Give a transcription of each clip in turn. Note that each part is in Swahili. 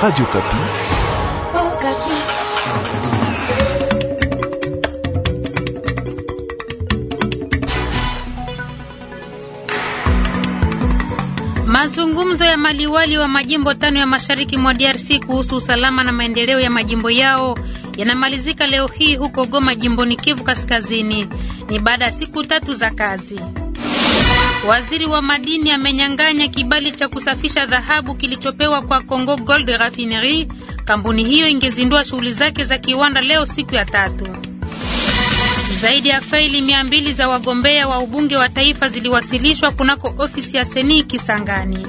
Radio Kapi. Oh, Kapi. Mazungumzo ya maliwali wa majimbo tano ya mashariki mwa DRC kuhusu usalama na maendeleo ya majimbo yao yanamalizika leo hii huko Goma jimboni Kivu Kaskazini. Ni baada ya siku tatu za kazi. Waziri wa madini amenyang'anya kibali cha kusafisha dhahabu kilichopewa kwa Congo Gold Refinery. Kampuni hiyo ingezindua shughuli zake za kiwanda leo siku ya tatu. Zaidi ya faili mia mbili za wagombea wa ubunge wa taifa ziliwasilishwa kunako ofisi ya Seni Kisangani.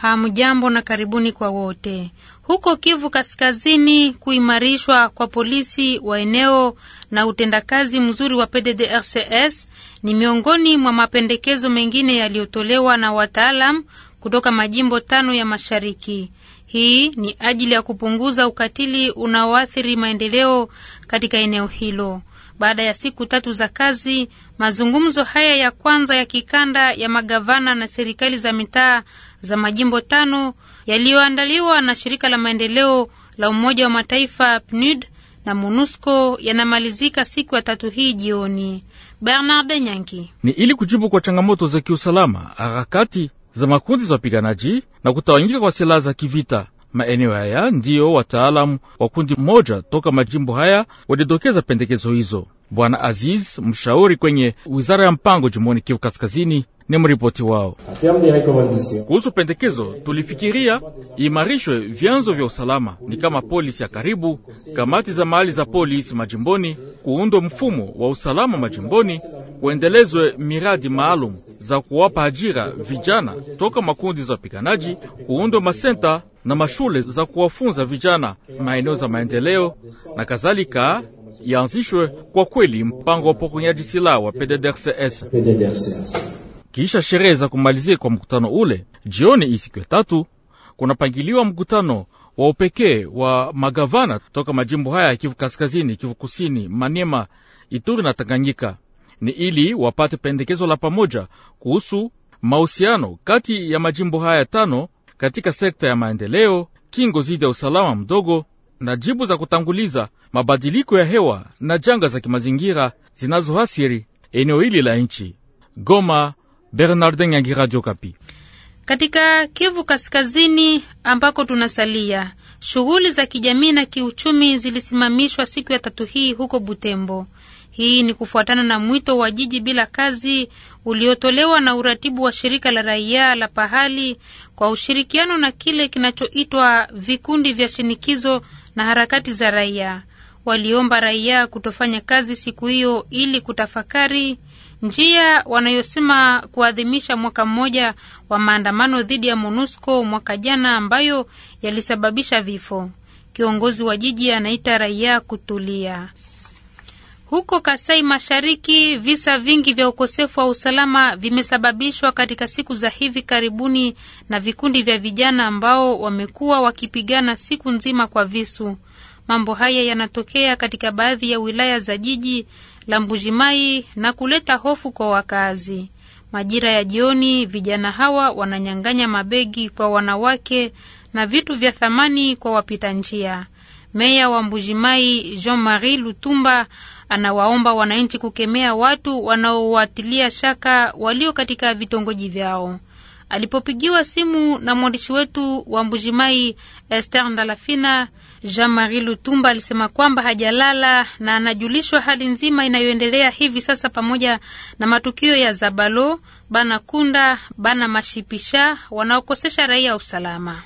Hamjambo na karibuni kwa wote. Huko Kivu Kaskazini, kuimarishwa kwa polisi wa eneo na utendakazi mzuri wa PDDRCS ni miongoni mwa mapendekezo mengine yaliyotolewa na wataalam kutoka majimbo tano ya mashariki. Hii ni ajili ya kupunguza ukatili unaoathiri maendeleo katika eneo hilo. Baada ya siku tatu za kazi, mazungumzo haya ya kwanza ya kikanda ya magavana na serikali za mitaa za majimbo tano yaliyoandaliwa na shirika la maendeleo la Umoja wa Mataifa PNUD na MONUSCO yanamalizika siku ya tatu hii jioni. Bernard Nyangi. Ni ili kujibu kwa changamoto za kiusalama, harakati za makundi za wapiganaji na kutawanyika kwa silaha za kivita Maeneo haya ndiyo wataalamu wa kundi moja toka majimbo haya walidokeza pendekezo hizo. Bwana Aziz, mshauri kwenye wizara ya mpango jimboni Kivu Kaskazini, ni mripoti wao kuhusu pendekezo. Tulifikiria imarishwe vyanzo vya usalama, ni kama polisi ya karibu, kamati za mahali za polisi majimboni, kuundwa mfumo wa usalama majimboni, kuendelezwe miradi maalum za kuwapa ajira vijana toka makundi za wapiganaji, kuundwa masenta na mashule za kuwafunza vijana maeneo za maendeleo na kadhalika yaanzishwe Kwa kweli mpango wa pokonyaji silaha wa PDDRCS kisha sherehe za kumalizia kwa mkutano ule, jioni isiku ya tatu kunapangiliwa mkutano wa upekee wa magavana toka majimbo haya ya Kivu Kaskazini, Kivu Kusini, Maniema, Ituri na Tanganyika. Ni ili wapate pendekezo la pamoja kuhusu mahusiano kati ya majimbo haya tano katika sekta ya maendeleo, kingo dhidi ya usalama mdogo na jibu za kutanguliza mabadiliko ya hewa na janga za kimazingira zinazohasiri eneo hili la nchi. Goma, Bernardin Nyangi, Radio Kapi. Katika Kivu Kaskazini ambako tunasalia, shughuli za kijamii na kiuchumi zilisimamishwa siku ya tatu hii huko Butembo. Hii ni kufuatana na mwito wa jiji bila kazi uliotolewa na uratibu wa shirika la raia la pahali kwa ushirikiano na kile kinachoitwa vikundi vya shinikizo na harakati za raia. Waliomba raia kutofanya kazi siku hiyo ili kutafakari njia wanayosema kuadhimisha mwaka mmoja wa maandamano dhidi ya MONUSCO mwaka jana ambayo yalisababisha vifo. Kiongozi wa jiji anaita raia kutulia. Huko Kasai Mashariki, visa vingi vya ukosefu wa usalama vimesababishwa katika siku za hivi karibuni na vikundi vya vijana ambao wamekuwa wakipigana siku nzima kwa visu. Mambo haya yanatokea katika baadhi ya wilaya za jiji la Mbujimai na kuleta hofu kwa wakazi. Majira ya jioni, vijana hawa wananyang'anya mabegi kwa wanawake na vitu vya thamani kwa wapita njia. Meya wa Mbujimai Jean-Marie Lutumba anawaomba wananchi kukemea watu wanaowatilia shaka walio katika vitongoji vyao alipopigiwa simu na mwandishi wetu wa Mbujimai Esther Ndalafina, Jean Marie Lutumba alisema kwamba hajalala na anajulishwa hali nzima inayoendelea hivi sasa pamoja na matukio ya Zabalo, Bana Kunda, Bana Mashipisha wanaokosesha raia usalama.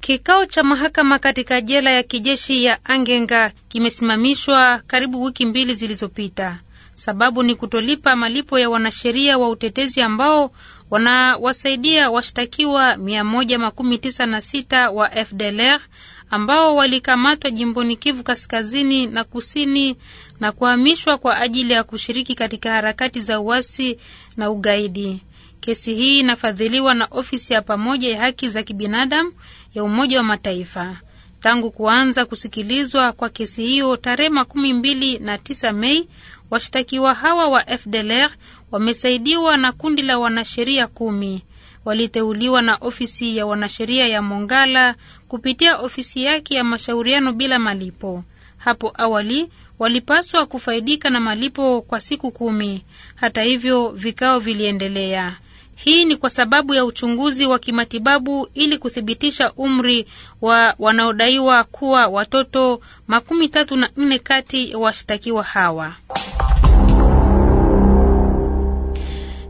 Kikao cha mahakama katika jela ya kijeshi ya Angenga kimesimamishwa karibu wiki mbili zilizopita. Sababu ni kutolipa malipo ya wanasheria wa utetezi ambao wanawasaidia washtakiwa mia moja makumi tisa na sita wa FDLR ambao walikamatwa jimboni Kivu kaskazini na kusini na kuhamishwa kwa ajili ya kushiriki katika harakati za uasi na ugaidi. Kesi hii inafadhiliwa na ofisi ya pamoja ya haki za kibinadamu ya Umoja wa Mataifa. Tangu kuanza kusikilizwa kwa kesi hiyo tarehe makumi mbili na tisa Mei, washtakiwa hawa wa FDLR wamesaidiwa na kundi la wanasheria kumi waliteuliwa na ofisi ya wanasheria ya Mongala kupitia ofisi yake ya mashauriano bila malipo. Hapo awali walipaswa kufaidika na malipo kwa siku kumi. Hata hivyo, vikao viliendelea. Hii ni kwa sababu ya uchunguzi wa kimatibabu ili kuthibitisha umri wa wanaodaiwa kuwa watoto makumi tatu na nne kati ya washtakiwa hawa.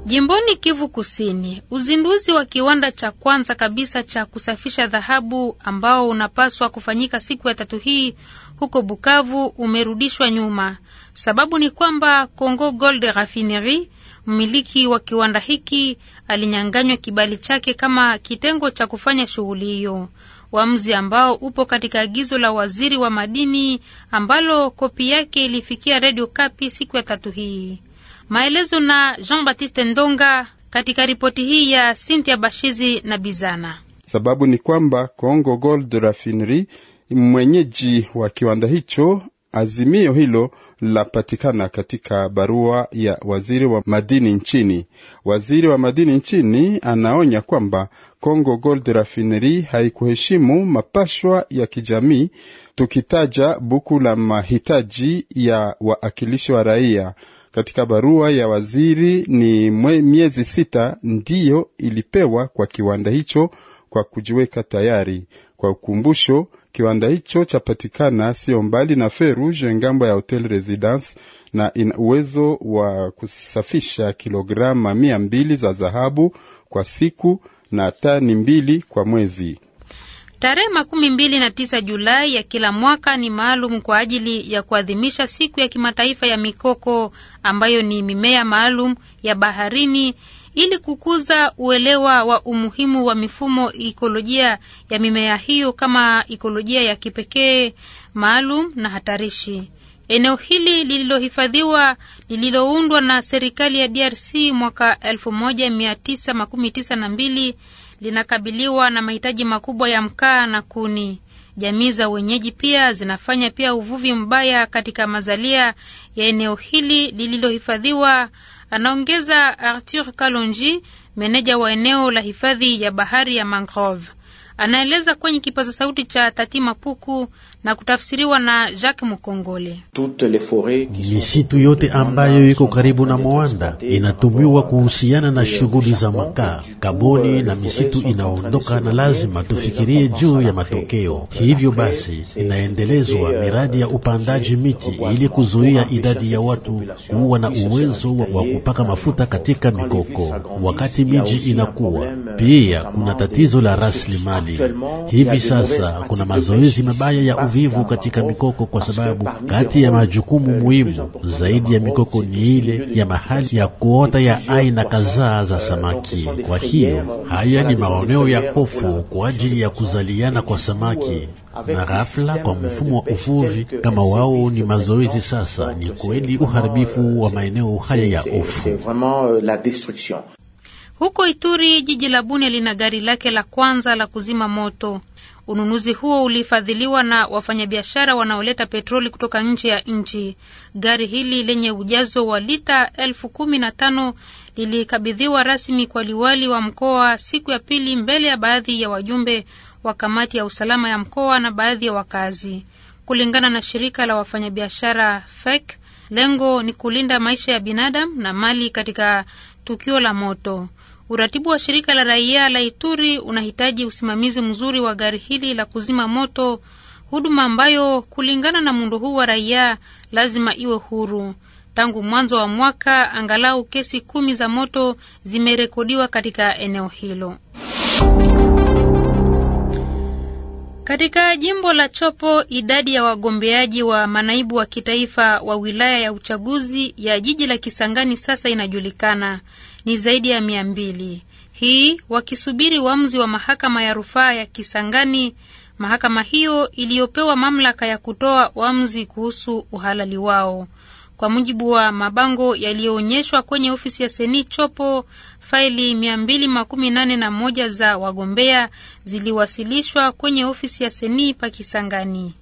Jimboni Kivu Kusini, uzinduzi wa kiwanda cha kwanza kabisa cha kusafisha dhahabu ambao unapaswa kufanyika siku ya tatu hii huko Bukavu umerudishwa nyuma. Sababu ni kwamba Congo Gold rafineri mmiliki wa kiwanda hiki, alinyanganywa kibali chake kama kitengo cha kufanya shughuli hiyo, uamuzi ambao upo katika agizo la waziri wa madini ambalo kopi yake ilifikia Radio Kapi siku ya tatu hii. Maelezo na Jean-Baptiste Ndonga katika ripoti hii ya Cynthia Bashizi na Bizana. Sababu ni kwamba Congo Gold Rafinery mwenyeji wa kiwanda hicho. Azimio hilo lapatikana katika barua ya waziri wa madini nchini. Waziri wa madini nchini anaonya kwamba Congo Gold Rafinery haikuheshimu mapashwa ya kijamii, tukitaja buku la mahitaji ya waakilishi wa raia katika barua ya waziri ni mwe, miezi sita ndiyo ilipewa kwa kiwanda hicho kwa kujiweka tayari. Kwa ukumbusho, kiwanda hicho chapatikana sio mbali na Feruge ngambo ya Hotel Residence na ina uwezo wa kusafisha kilograma mia mbili za dhahabu kwa siku na tani mbili kwa mwezi. Tarehe makumi mbili na tisa Julai ya kila mwaka ni maalum kwa ajili ya kuadhimisha siku ya kimataifa ya mikoko ambayo ni mimea maalum ya baharini ili kukuza uelewa wa umuhimu wa mifumo ikolojia ya mimea hiyo kama ikolojia ya kipekee maalum na hatarishi. Eneo hili lililohifadhiwa lililoundwa na serikali ya DRC mwaka mbili linakabiliwa na mahitaji makubwa ya mkaa na kuni. Jamii za wenyeji pia zinafanya pia uvuvi mbaya katika mazalia ya eneo hili lililohifadhiwa, anaongeza Arthur Kalonji, meneja wa eneo la hifadhi ya bahari ya mangrove. Anaeleza kwenye kipaza sauti cha Tati Mapuku na kutafsiriwa na Jacques Mukongole. Misitu yote ambayo iko karibu na Mwanda inatumiwa kuhusiana na shughuli za makaa. Euh, kaboni na misitu inaondoka, na lazima tufikirie juu ya matokeo. Hivyo basi, inaendelezwa euh, miradi ya upandaji miti ili kuzuia idadi ya watu kuwa na uwezo wa kupaka mafuta katika mikoko wakati miji inakuwa. Euh, pia kuna tatizo la rasilimali. Hivi sasa kuna mazoezi mabaya ya uvi uvivu katika mikoko, kwa sababu kati ya majukumu muhimu zaidi ya mikoko ni ile ya mahali ya kuota ya aina kadhaa za samaki. Kwa hiyo haya ni maoneo ya hofu kwa ajili ya kuzaliana kwa samaki na ghafla kwa mfumo wa uvuvi kama wao ni mazoezi. Sasa ni kweli uharibifu wa maeneo haya ya hofu. Huko Ituri, jiji la Bunia lina gari lake la kwanza la kuzima moto. Ununuzi huo ulifadhiliwa na wafanyabiashara wanaoleta petroli kutoka nje ya nchi. Gari hili lenye ujazo wa lita elfu kumi na tano lilikabidhiwa rasmi kwa liwali wa mkoa siku ya pili mbele ya baadhi ya wajumbe wa kamati ya usalama ya mkoa na baadhi ya wakazi. Kulingana na shirika la wafanyabiashara FEC, lengo ni kulinda maisha ya binadamu na mali katika tukio la moto. Uratibu wa shirika la raia la Ituri unahitaji usimamizi mzuri wa gari hili la kuzima moto, huduma ambayo kulingana na muundo huu wa raia lazima iwe huru. Tangu mwanzo wa mwaka angalau kesi kumi za moto zimerekodiwa katika eneo hilo. Katika jimbo la Chopo, idadi ya wagombeaji wa manaibu wa kitaifa wa wilaya ya uchaguzi ya jiji la Kisangani sasa inajulikana ni zaidi ya mia mbili hii wakisubiri uamuzi wa mahakama ya rufaa ya Kisangani, mahakama hiyo iliyopewa mamlaka ya kutoa uamuzi kuhusu uhalali wao. Kwa mujibu wa mabango yaliyoonyeshwa kwenye ofisi ya Seni Chopo, faili mia za wagombea ziliwasilishwa kwenye ofisi ya Seni pa Kisangani.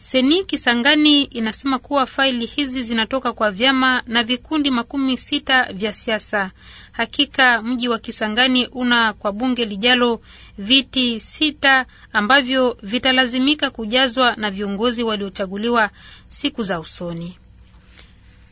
Seni Kisangani inasema kuwa faili hizi zinatoka kwa vyama na vikundi makumi sita vya siasa. Hakika mji wa Kisangani una kwa bunge lijalo viti sita ambavyo vitalazimika kujazwa na viongozi waliochaguliwa siku za usoni.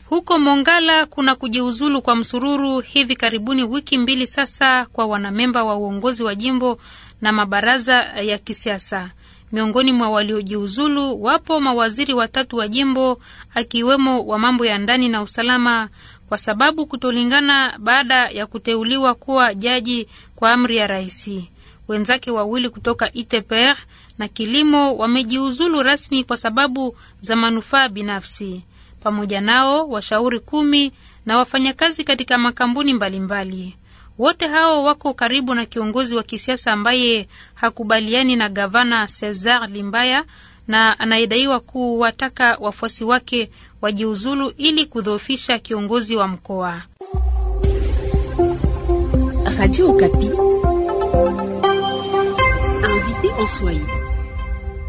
Huko Mongala kuna kujiuzulu kwa msururu hivi karibuni wiki mbili sasa kwa wanamemba wa uongozi wa jimbo na mabaraza ya kisiasa. Miongoni mwa waliojiuzulu wapo mawaziri watatu wa jimbo, akiwemo wa mambo ya ndani na usalama, kwa sababu kutolingana baada ya kuteuliwa kuwa jaji kwa amri ya raisi. Wenzake wawili kutoka ITPR e na kilimo wamejiuzulu rasmi kwa sababu za manufaa binafsi. Pamoja nao washauri kumi na wafanyakazi katika makampuni mbalimbali mbali. Wote hao wako karibu na kiongozi wa kisiasa ambaye hakubaliani na gavana Cesar Limbaya na anayedaiwa kuwataka wafuasi wake wajiuzulu ili kudhoofisha kiongozi wa mkoa.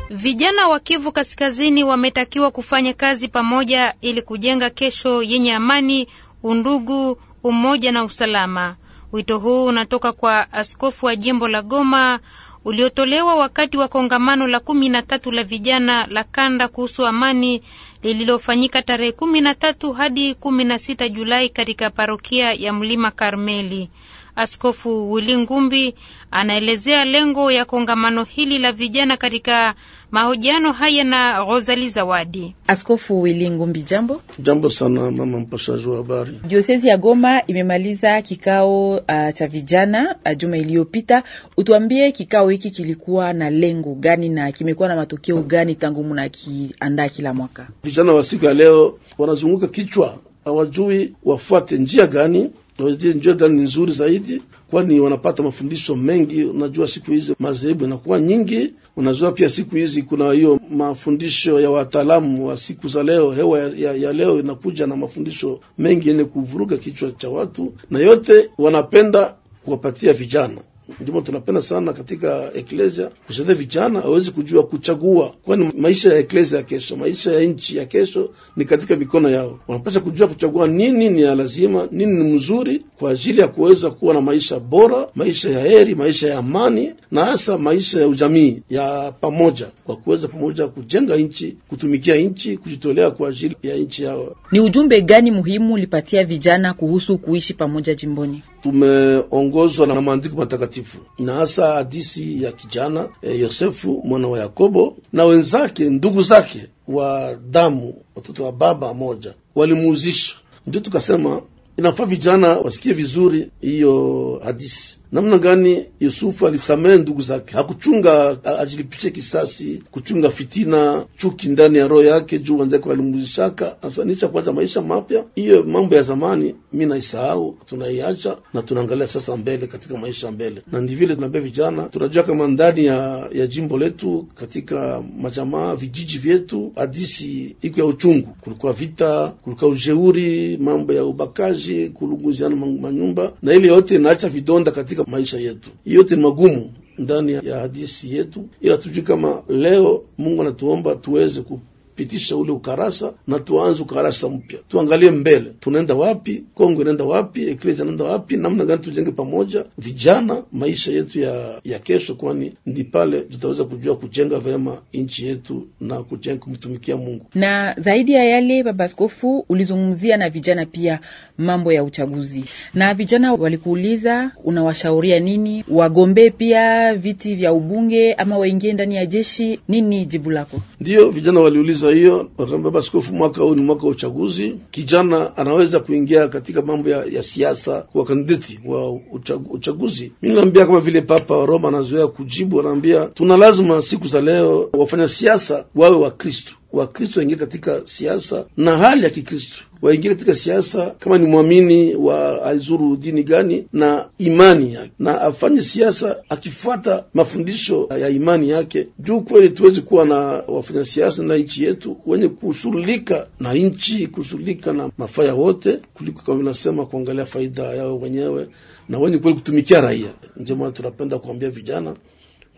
Vijana wa Kivu Kaskazini wametakiwa kufanya kazi pamoja ili kujenga kesho yenye amani, undugu, umoja na usalama. Wito huu unatoka kwa askofu wa jimbo la Goma uliotolewa wakati wa kongamano la kumi na tatu la vijana la kanda kuhusu amani lililofanyika tarehe kumi na tatu hadi kumi na sita Julai katika parokia ya Mlima Karmeli. Askofu Wili Ngumbi anaelezea lengo ya kongamano hili la vijana katika mahojiano haya na Rosali Zawadi. Askofu Wili Ngumbi, jambo. Jambo sana mama mpashaji wa habari. Diosezi ya Goma imemaliza kikao uh, cha vijana uh, juma iliyopita. Utuambie kikao hiki kilikuwa na lengo gani na kimekuwa na matokeo gani tangu munakiandaa kila mwaka? Vijana wa siku ya leo wanazunguka kichwa, hawajui wafuate njia gani njia gani ni nzuri zaidi, kwani wanapata mafundisho mengi. Unajua siku hizi madhehebu inakuwa nyingi, unajua pia siku hizi kuna hiyo mafundisho ya wataalamu wa siku za leo. Hewa ya, ya leo inakuja na mafundisho mengi yenye kuvuruga kichwa cha watu, na yote wanapenda kuwapatia vijana Ndipo tunapenda sana katika eklesia kusaidia vijana awezi kujua kuchagua, kwani maisha ya eklesia ya kesho, maisha ya nchi ya kesho ni katika mikono yao. wanapasha kujua kuchagua nini ni ya lazima, nini ni mzuri kwa ajili ya kuweza kuwa na maisha bora, maisha ya heri, maisha ya amani, na hasa maisha ya ujamii ya pamoja, kwa kuweza pamoja kujenga nchi, kutumikia nchi, kujitolea kwa ajili ya nchi yao. Ni ujumbe gani muhimu ulipatia vijana kuhusu kuishi pamoja jimboni? tumeongozwa na maandiko matakatifu na hasa hadisi ya kijana e, Yosefu mwana wa Yakobo na wenzake ndugu zake wa damu, watoto wa baba moja, walimuuzisha. Ndio tukasema Inafaa vijana wasikie vizuri hiyo hadisi, namna gani Yusufu alisamehe ndugu zake. Hakuchunga ajilipishe kisasi, kuchunga fitina, chuki ndani ya roho yake juu wanzake walimuzishaka, asanisha kwanza maisha mapya. Hiyo mambo ya zamani mi naisahau, tunaiacha na tunaangalia sasa mbele katika maisha mbele, na ndi vile tunaambia vijana, tunajua kama ndani ya, ya jimbo letu katika majamaa vijiji vyetu hadisi iko ya uchungu, kulikuwa vita, kulikuwa ujeuri, mambo ya ubakaji maji, kuruguziana manyumba, na ile yote inaacha vidonda katika maisha yetu. Yote ni magumu ndani ya hadisi yetu, ila tujue kama leo Mungu anatuomba tuweze ku pitisha ule ukarasa na tuanze ukarasa mpya, tuangalie mbele tunaenda wapi, Kongo inaenda wapi, Ekleza inaenda wapi, namna gani tujenge pamoja vijana maisha yetu ya, ya kesho, kwani ndi pale tutaweza kujua kujenga vyema nchi yetu na kujenga kumtumikia Mungu. Na zaidi ya yale, Baba Askofu, ulizungumzia na vijana pia mambo ya uchaguzi, na vijana walikuuliza unawashauria nini wagombee pia viti vya ubunge ama waingie ndani ya jeshi, nini jibu lako? Ndiyo, vijana waliuliza sasa hiyo baba askofu, mwaka huu ni mwaka wa uchaguzi, kijana anaweza kuingia katika mambo ya, ya siasa kuwa kandidati wa uchagu, uchaguzi. mi naambia kama vile Papa wa Roma anazoea kujibu, anaambia tuna lazima siku za leo wafanya siasa wawe wa Kristo Wakristo waingie katika siasa na hali ya Kikristo, waingie katika siasa kama ni mwamini wa aizuru dini gani na imani yake, na afanye siasa akifuata mafundisho ya imani yake, juu kweli tuweze kuwa na wafanya siasa na nchi yetu wenye kushughulika na nchi kushughulika na mafaya wote, kuliko kama vinasema kuangalia faida yao wenyewe na wenye kweli kutumikia raia. Ndio maana tunapenda kuambia vijana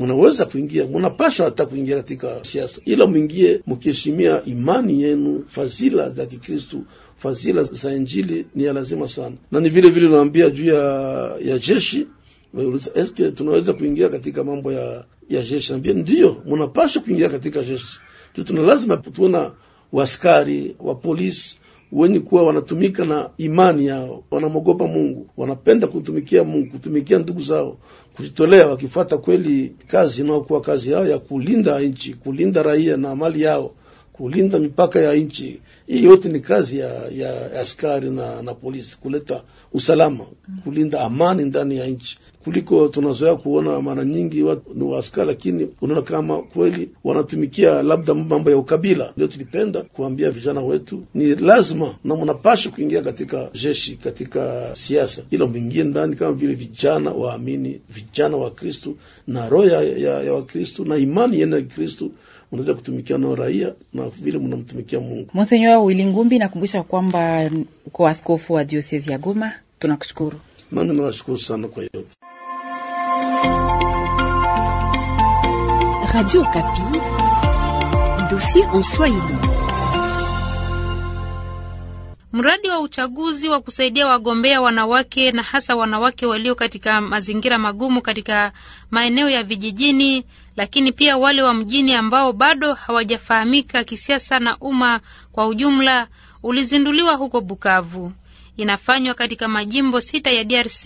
munaweza kuingia, munapasha hata kuingia katika siasa, ila mwingie mukiheshimia imani yenu. Fazila za Kikristu, fazila za Injili ni ya lazima sana, na ni vile vile unaambia juu ya, ya jeshi Eske tunaweza kuingia katika mambo ya, ya jeshi? Naambia ndio munapasha kuingia katika jeshi Tuna lazima tuona waskari wa polisi wenye kuwa wanatumika na imani yao, wanamwogopa Mungu, wanapenda kutumikia Mungu, kutumikia ndugu zao, kujitolea, wakifuata kweli kazi inayokuwa kazi yao ya kulinda nchi, kulinda raia na mali yao, kulinda mipaka ya nchi hii yote ni kazi ya, ya askari na, na polisi kuleta usalama, kulinda amani ndani ya nchi, kuliko tunazoea kuona mara nyingi watu ni waaskari, lakini unaona kama kweli wanatumikia labda mambo ya ukabila. Ndio tulipenda kuambia vijana wetu ni lazima na mnapasha kuingia katika jeshi, katika siasa, ila mwingie ndani kama vile vijana waamini, vijana wa Kristu na roho ya, ya, ya Wakristu na imani yene ya Kristu, mnaweza kutumikia nao raia na vile mnamtumikia Mungu Monsignor. Wili Ngumbi, nakumbusha kwamba uko askofu wa diosezi ya Goma. Tunakushukuru mana, nawashukuru sana kwa yote. Radio Kapi, dossier en Swahili. Mradi wa uchaguzi wa kusaidia wagombea wanawake na hasa wanawake walio katika mazingira magumu katika maeneo ya vijijini lakini pia wale wa mjini ambao bado hawajafahamika kisiasa na umma kwa ujumla, ulizinduliwa huko Bukavu. Inafanywa katika majimbo sita ya DRC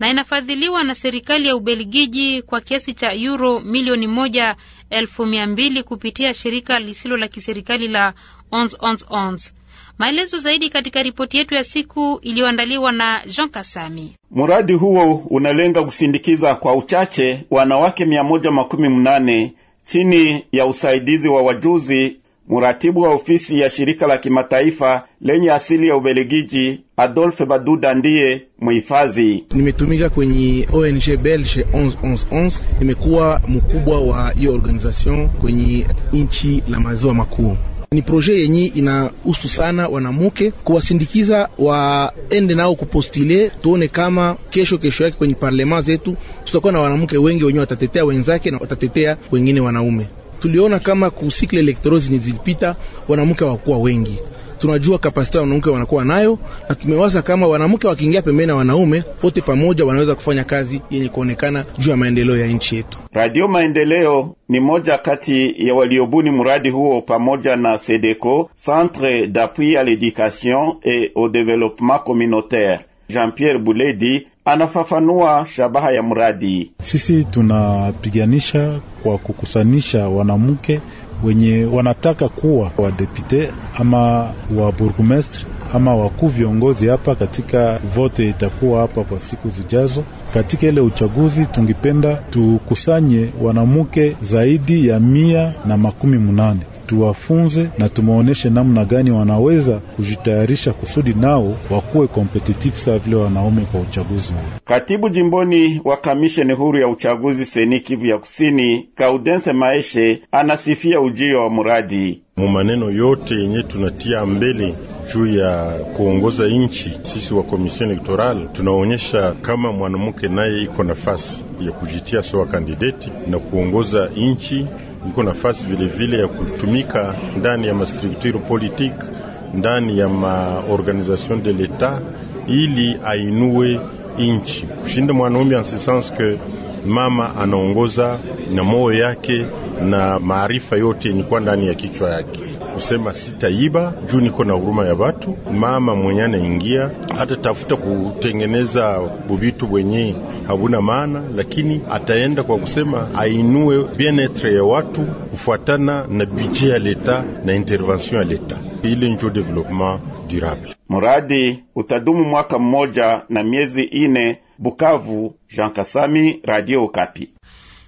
na inafadhiliwa na serikali ya Ubelgiji kwa kiasi cha euro milioni moja elfu mia mbili kupitia shirika lisilo la kiserikali la Ons Ons Ons. Maelezo zaidi katika ripoti yetu ya siku iliyoandaliwa na Jean Kasami. Mradi huo unalenga kusindikiza kwa uchache wanawake mia moja makumi mnane chini ya usaidizi wa wajuzi, mratibu wa ofisi ya shirika la kimataifa lenye asili ya Ubelgiji, Adolphe Baduda ndiye mhifadhi. Nimetumika kwenye ONG Belge 1111 nimekuwa mkubwa wa hiyo organization kwenye nchi la maziwa makuu. Ni proje yenye inahusu sana wanamuke, kuwasindikiza waende nao kupostile, tuone kama kesho kesho yake kwenye parlema zetu tutakuwa na wanamuke wengi wenyewe watatetea wenzake na watatetea wengine wanaume. Tuliona kama kusikle elektrozi ni zilipita, wanamuke wakuwa wengi tunajua kapasiti wanawake wanakuwa nayo, na tumewaza kama wanamke wakiingia pembeni na wanaume wote pamoja, wanaweza kufanya kazi yenye kuonekana juu ya maendeleo ya nchi yetu. Radio Maendeleo ni moja kati ya waliobuni mradi huo pamoja na SEDECO, Centre d'appui à l'éducation et au développement communautaire. Jean-Pierre Buledi anafafanua shabaha ya mradi. Sisi tunapiganisha kwa kukusanisha wanamke wenye wanataka kuwa wadepute ama waburgumestre ama wakuu viongozi hapa katika vote itakuwa hapa kwa siku zijazo. Katika ile uchaguzi tungipenda tukusanye wanamke zaidi ya mia na makumi munane tuwafunze na tumaoneshe namna gani wanaweza kujitayarisha kusudi nao wakuwe kompetitifu sawa vile wanaume kwa uchaguzi huo. Katibu jimboni wa kamisheni huru ya uchaguzi seni Kivu ya Kusini, Kaudense Maeshe anasifia ujio wa mradi mu maneno yote yenye tunatia mbele juu ya kuongoza nchi, sisi wa komision elektoral tunaonyesha kama mwanamke naye iko nafasi ya kujitia sawa kandideti na kuongoza nchi, iko nafasi vilevile ya kutumika ndani ya mastrukturu politique, ndani ya maorganisation de l'etat, ili ainue nchi kushinda mwanaume en ce sens que mama anaongoza na moyo yake na maarifa yote yenye ndani ya kichwa yake kusema sitaiba juu niko na huruma ya watu. Mama mwenye anaingia hata tafuta kutengeneza bubitu bwenye habuna maana, lakini ataenda kwa kusema ainue bienetre ya watu kufuatana na budget ya leta na intervention ya leta. Ile njo development durable. Muradi utadumu mwaka mmoja na miezi ine Bukavu, Jean Kasami, Radio Kapi.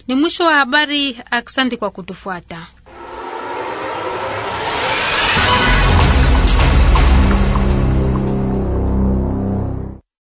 Ni mwisho wa habari. Asante kwa kutufuata.